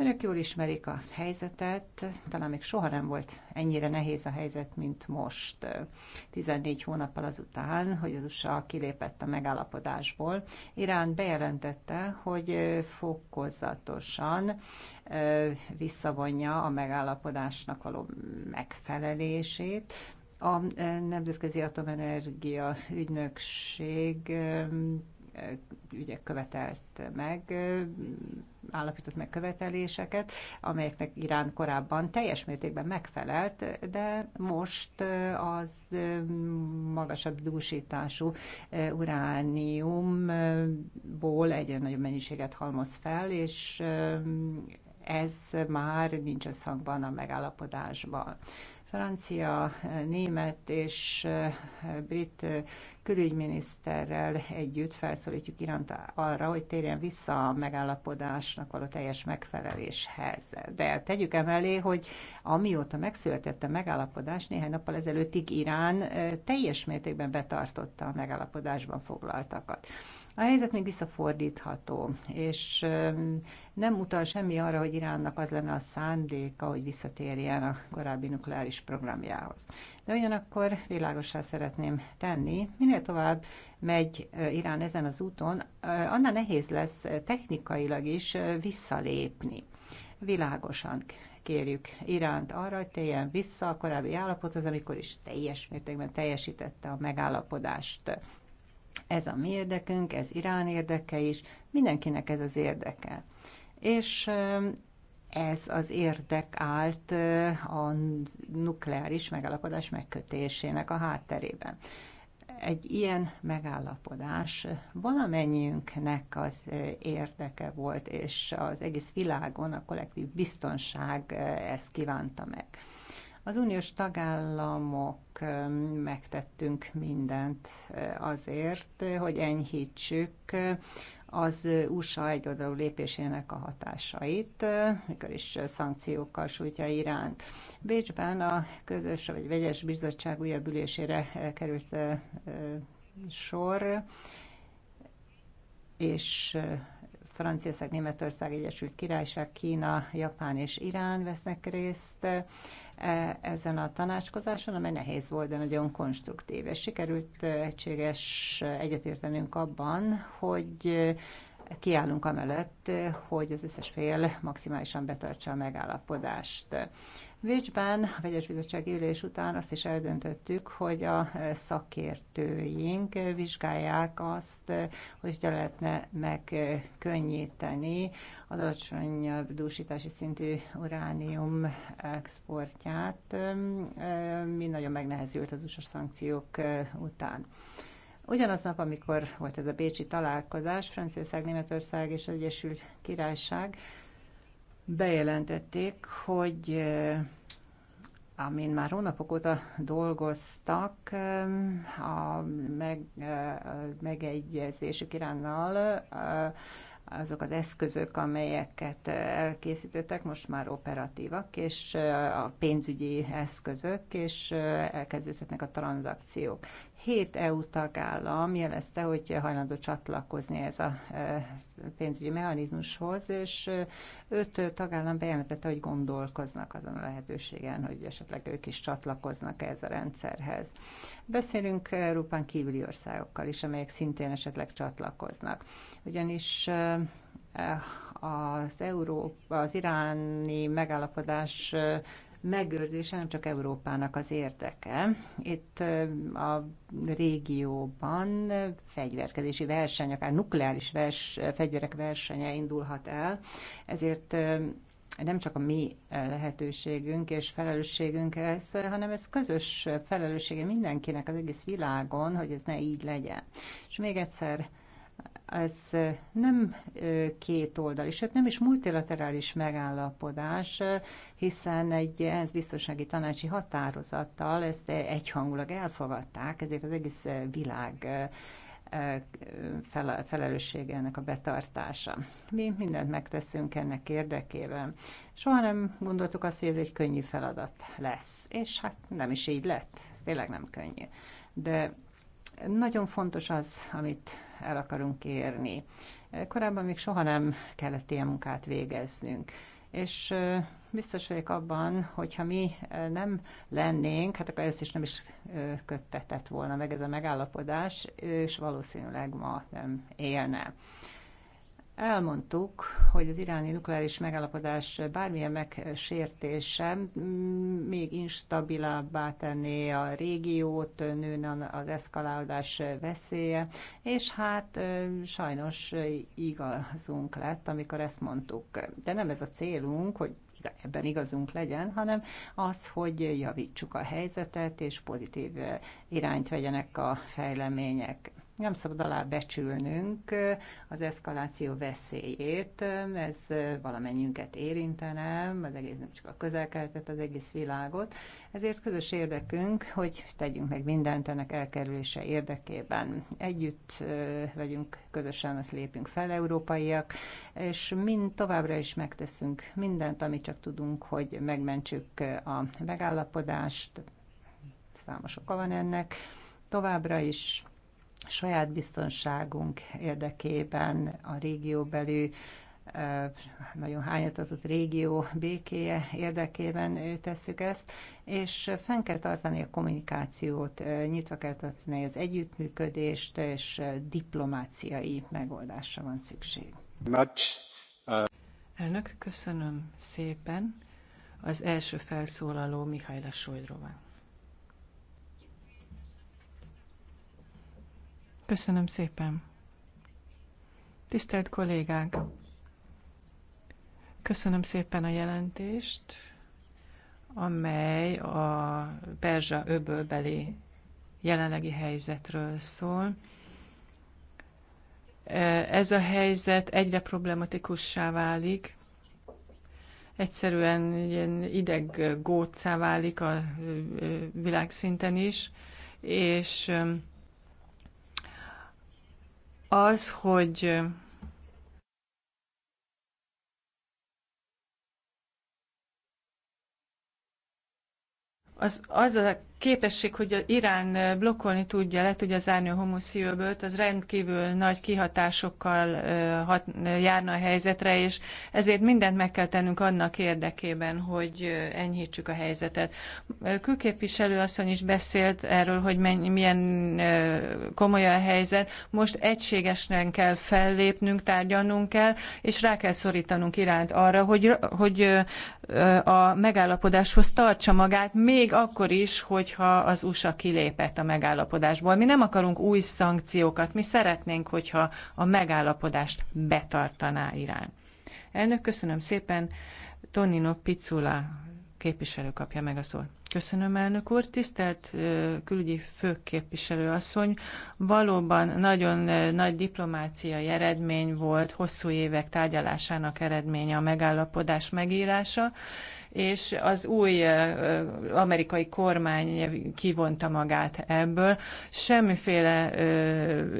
Önök jól ismerik a helyzetet, talán még soha nem volt ennyire nehéz a helyzet, mint most. 14 hónappal azután, hogy az USA kilépett a megállapodásból, Irán bejelentette, hogy fokozatosan visszavonja a megállapodásnak való megfelelését, a Nemzetközi Atomenergia Ügynökség ügyek követelt meg, állapított meg követeléseket, amelyeknek Irán korábban teljes mértékben megfelelt, de most az magasabb dúsítású urániumból egyre nagyobb mennyiséget halmoz fel, és ez már nincs összhangban a megállapodásban francia, német és brit külügyminiszterrel együtt felszólítjuk Iránt arra, hogy térjen vissza a megállapodásnak való teljes megfeleléshez. De tegyük emellé, hogy amióta megszületett a megállapodás, néhány nappal ezelőttig Irán teljes mértékben betartotta a megállapodásban foglaltakat. A helyzet még visszafordítható, és nem utal semmi arra, hogy Iránnak az lenne a szándéka, hogy visszatérjen a korábbi nukleáris programjához. De ugyanakkor világosá szeretném tenni, minél tovább megy Irán ezen az úton, annál nehéz lesz technikailag is visszalépni. Világosan kérjük Iránt arra, hogy térjen vissza a korábbi állapothoz, amikor is teljes mértékben teljesítette a megállapodást. Ez a mi érdekünk, ez Irán érdeke is, mindenkinek ez az érdeke. És ez az érdek állt a nukleáris megállapodás megkötésének a hátterében. Egy ilyen megállapodás valamennyiünknek az érdeke volt, és az egész világon a kollektív biztonság ezt kívánta meg. Az uniós tagállamok megtettünk mindent azért, hogy enyhítsük az USA egyoldalú lépésének a hatásait, mikor is szankciókkal sújtja Iránt. Bécsben a közös vagy vegyes bizottság újabb ülésére került sor, és Franciaország, Németország, Egyesült Királyság, Kína, Japán és Irán vesznek részt. E, ezen a tanácskozáson, amely nehéz volt, de nagyon konstruktív. És sikerült e, egységes e, egyetértenünk abban, hogy kiállunk amellett, hogy az összes fél maximálisan betartsa a megállapodást. Vécsben a vegyes bizottság ülés után azt is eldöntöttük, hogy a szakértőink vizsgálják azt, hogy hogyan lehetne megkönnyíteni az alacsonyabb dúsítási szintű uránium exportját, mi nagyon megnehezült az USA szankciók után nap, amikor volt ez a bécsi találkozás, Franciaország, Németország és az Egyesült Királyság bejelentették, hogy eh, amin már hónapok óta dolgoztak eh, a meg, eh, megegyezésük Iránnal, azok az eszközök, amelyeket elkészítettek, most már operatívak, és a pénzügyi eszközök, és elkezdődhetnek a tranzakciók. Hét EU tagállam jelezte, hogy hajlandó csatlakozni ez a e, pénzügyi mechanizmushoz, és e, öt tagállam bejelentette, hogy gondolkoznak azon a lehetőségen, hogy esetleg ők is csatlakoznak ez a rendszerhez. Beszélünk Európán kívüli országokkal is, amelyek szintén esetleg csatlakoznak. Ugyanis e, az Európa, az iráni megállapodás megőrzése nem csak Európának az érdeke. Itt a régióban fegyverkezési verseny, akár nukleáris vers, fegyverek versenye indulhat el, ezért nem csak a mi lehetőségünk és felelősségünk ez, hanem ez közös felelőssége mindenkinek az egész világon, hogy ez ne így legyen. És még egyszer ez nem két oldal, és nem is multilaterális megállapodás, hiszen egy ENSZ biztonsági tanácsi határozattal ezt egyhangulag elfogadták, ezért az egész világ felelőssége ennek a betartása. Mi mindent megteszünk ennek érdekében. Soha nem gondoltuk azt, hogy ez egy könnyű feladat lesz, és hát nem is így lett, ez tényleg nem könnyű. De nagyon fontos az, amit el akarunk érni. Korábban még soha nem kellett ilyen munkát végeznünk. És biztos vagyok abban, hogyha mi nem lennénk, hát akkor ezt is nem is köttetett volna meg ez a megállapodás, és valószínűleg ma nem élne. Elmondtuk, hogy az iráni nukleáris megállapodás bármilyen megsértése még instabilabbá tenné a régiót, nőne az eszkalálódás veszélye, és hát sajnos igazunk lett, amikor ezt mondtuk. De nem ez a célunk, hogy ebben igazunk legyen, hanem az, hogy javítsuk a helyzetet, és pozitív irányt vegyenek a fejlemények nem szabad becsülnünk eh, az eszkaláció veszélyét, ez eh, valamennyünket érintene, az egész nem csak a közelkeletet, az egész világot, ezért közös érdekünk, hogy tegyünk meg mindent ennek elkerülése érdekében. Együtt eh, vagyunk, közösen lépünk fel, európaiak, és mind továbbra is megteszünk mindent, amit csak tudunk, hogy megmentsük a megállapodást, számos oka van ennek, továbbra is saját biztonságunk érdekében a régió belül nagyon hányatatott régió békéje érdekében tesszük ezt, és fenn kell tartani a kommunikációt, nyitva kell tartani az együttműködést, és diplomáciai megoldásra van szükség. Much. Uh... Elnök, köszönöm szépen. Az első felszólaló Mihály Sojdrová. Köszönöm szépen. Tisztelt kollégák! Köszönöm szépen a jelentést, amely a Perzsa öbölbeli jelenlegi helyzetről szól. Ez a helyzet egyre problematikussá válik, egyszerűen ilyen ideg gócá válik a világszinten is, és az, hogy az, az a képesség, hogy Irán blokkolni tudja, le tudja zárni a homoszívőbölt, az rendkívül nagy kihatásokkal hat, járna a helyzetre, és ezért mindent meg kell tennünk annak érdekében, hogy enyhítsük a helyzetet. Külképviselő asszony is beszélt erről, hogy mennyi, milyen komoly a helyzet. Most egységesen kell fellépnünk, tárgyalnunk kell, és rá kell szorítanunk Iránt arra, hogy, hogy a megállapodáshoz tartsa magát, még akkor is, hogy hogyha az USA kilépett a megállapodásból. Mi nem akarunk új szankciókat, mi szeretnénk, hogyha a megállapodást betartaná Irán. Elnök, köszönöm szépen. Tonino Picula képviselő kapja meg a szót. Köszönöm, elnök úr. Tisztelt külügyi főképviselő asszony, valóban nagyon nagy diplomáciai eredmény volt, hosszú évek tárgyalásának eredménye a megállapodás megírása, és az új amerikai kormány kivonta magát ebből. Semmiféle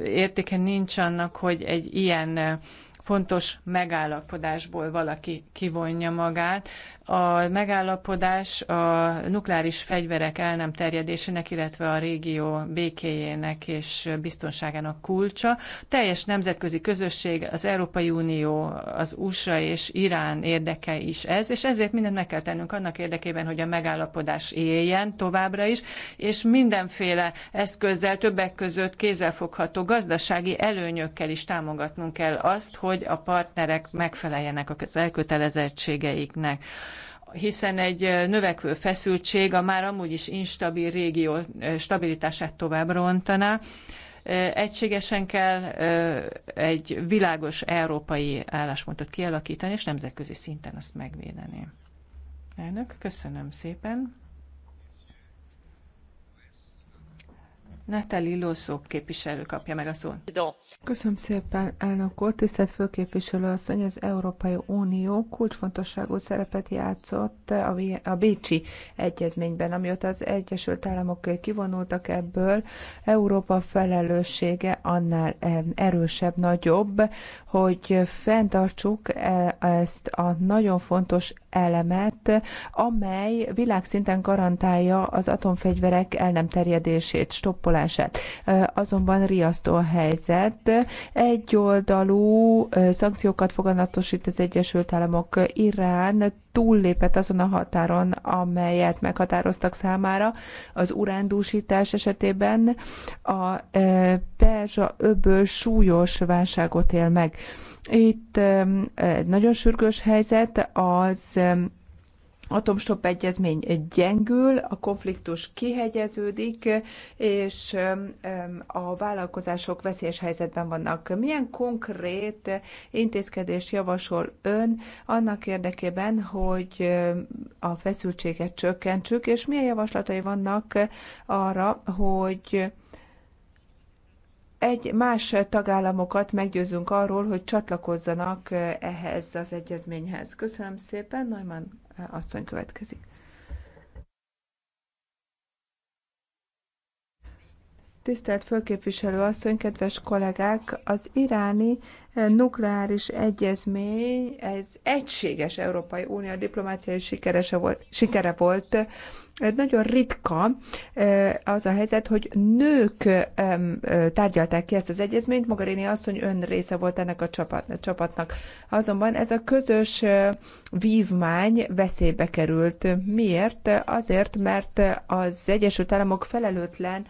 értéke nincs annak, hogy egy ilyen fontos megállapodásból valaki kivonja magát. A megállapodás a nukleáris fegyverek el nem terjedésének, illetve a régió békéjének és biztonságának kulcsa. Teljes nemzetközi közösség, az Európai Unió, az USA és Irán érdeke is ez, és ezért mindent meg kell tennünk annak érdekében, hogy a megállapodás éljen továbbra is, és mindenféle eszközzel, többek között kézzelfogható gazdasági előnyökkel is támogatnunk kell azt, hogy a partnerek megfeleljenek az elkötelezettségeiknek hiszen egy növekvő feszültség a már amúgy is instabil régió stabilitását tovább rontaná. Egységesen kell egy világos európai álláspontot kialakítani, és nemzetközi szinten azt megvédeni. Elnök, köszönöm szépen. Nathalie Lószó képviselő kapja meg a szót. Köszönöm szépen, elnök úr, tisztelt főképviselő asszony, az Európai Unió kulcsfontosságú szerepet játszott a Bécsi Egyezményben, amióta az Egyesült Államok kivonultak ebből, Európa felelőssége annál eh, erősebb, nagyobb, hogy fenntartsuk eh, ezt a nagyon fontos elemet, amely világszinten garantálja az atomfegyverek el nem terjedését, stoppolását megvásárlását. Azonban riasztó a helyzet. Egyoldalú szankciókat foganatosít az Egyesült Államok Irán túllépett azon a határon, amelyet meghatároztak számára az urándúsítás esetében a Perzsa öböl súlyos válságot él meg. Itt nagyon sürgős helyzet, az atomstop egyezmény gyengül, a konfliktus kihegyeződik, és a vállalkozások veszélyes helyzetben vannak. Milyen konkrét intézkedést javasol ön annak érdekében, hogy a feszültséget csökkentsük, és milyen javaslatai vannak arra, hogy egy más tagállamokat meggyőzünk arról, hogy csatlakozzanak ehhez az egyezményhez. Köszönöm szépen, Neumann asszony következik. Tisztelt Főképviselő asszony, kedves kollégák! Az iráni nukleáris egyezmény, ez egységes Európai Unió diplomáciai sikerese volt, sikere volt. Nagyon ritka az a helyzet, hogy nők tárgyalták ki ezt az egyezményt, Mogherini asszony ön része volt ennek a csapatnak. Azonban ez a közös vívmány veszélybe került. Miért? Azért, mert az Egyesült Államok felelőtlen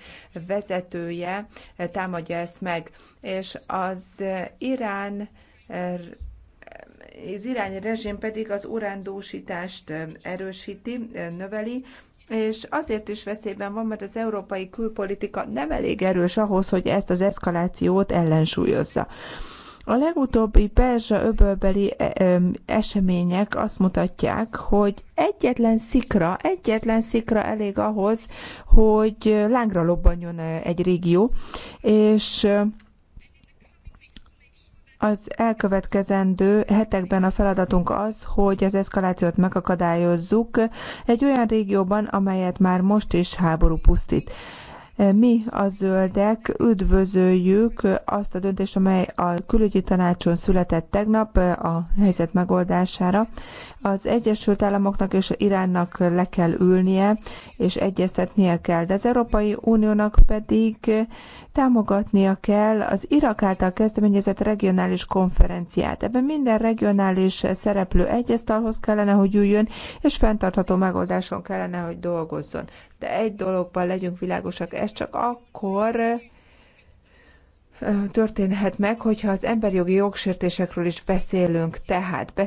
vezetője támadja ezt meg és az Irán az irányi rezsim pedig az urándósítást erősíti, növeli, és azért is veszélyben van, mert az európai külpolitika nem elég erős ahhoz, hogy ezt az eszkalációt ellensúlyozza. A legutóbbi perzsa öbölbeli e, e, események azt mutatják, hogy egyetlen szikra, egyetlen szikra elég ahhoz, hogy lángra lobbanjon e, egy régió, és az elkövetkezendő hetekben a feladatunk az, hogy az eszkalációt megakadályozzuk egy olyan régióban, amelyet már most is háború pusztít. Mi a zöldek üdvözöljük azt a döntést, amely a külügyi tanácson született tegnap a helyzet megoldására, az Egyesült Államoknak és Iránnak le kell ülnie, és egyeztetnie kell, de az Európai Uniónak pedig támogatnia kell az Irak által kezdeményezett regionális konferenciát. Ebben minden regionális szereplő egyeztalhoz kellene, hogy üljön, és fenntartható megoldáson kellene, hogy dolgozzon. De egy dologban legyünk világosak, ez csak akkor történhet meg, hogyha az emberjogi jogsértésekről is beszélünk, tehát beszélünk